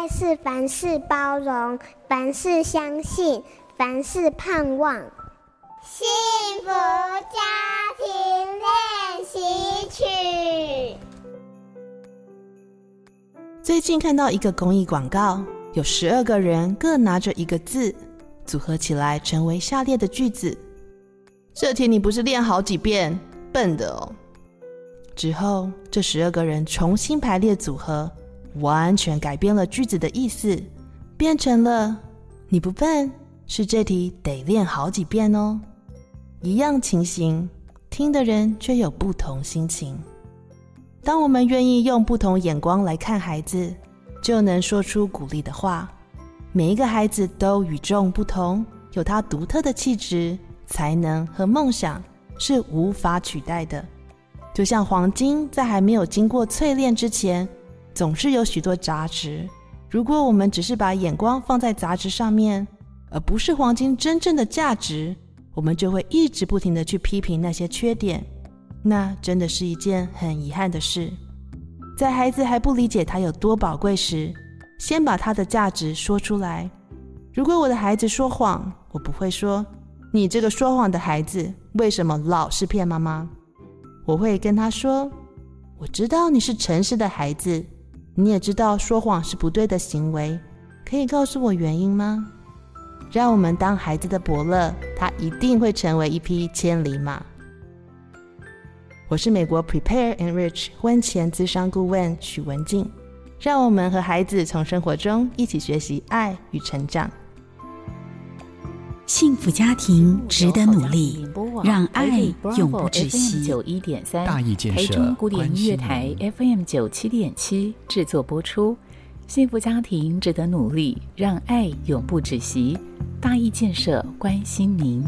愛是凡事包容，凡事相信，凡事盼望。幸福家庭練習曲。最近看到一個公益廣告，有十二個人各拿着一個字，組合起來成為下列的句子。這題你不是練好幾遍，笨的哦。之後，這十二個人重新排列組合。完全改變了句子的意思，變成了“你不笨”，是這題得練好幾遍哦。一樣情形，聽的人卻有不同心情。當我們願意用不同眼光來看孩子，就能說出鼓勵的話。每一個孩子都與眾不同，有他獨特的氣質、才能和夢想，是無法取代的。就像黃金，在還沒有經過淬煉之前。總是有許多雜質。如果我們只是把眼光放在雜質上面，而不是黃金真正的價值，我們就會一直不停的去批評那些缺點，那真的是一件很遺憾的事。在孩子還不理解他有多寶貴時，先把他的價值說出來。如果我的孩子說謊，我不會說“你這個說謊的孩子，為什麼老是騙媽媽”，我會跟他說：“我知道你是誠實的孩子。”你也知道說謊是不對的行為，可以告訴我原因嗎？讓我們當孩子的伯樂，他一定會成為一匹千里馬。我是美國 PREPARE/ENRICH 婚前諮商顧問許文靜，讓我們和孩子從生活中一起學習愛與成長。幸福家庭值得努力，哦手手啊、讓愛永不止息。大義建設，台 f 台中古典音樂,樂台 FM 九七點七制作播出。幸福家庭值得努力，讓愛永不止息。大義建設，關心您。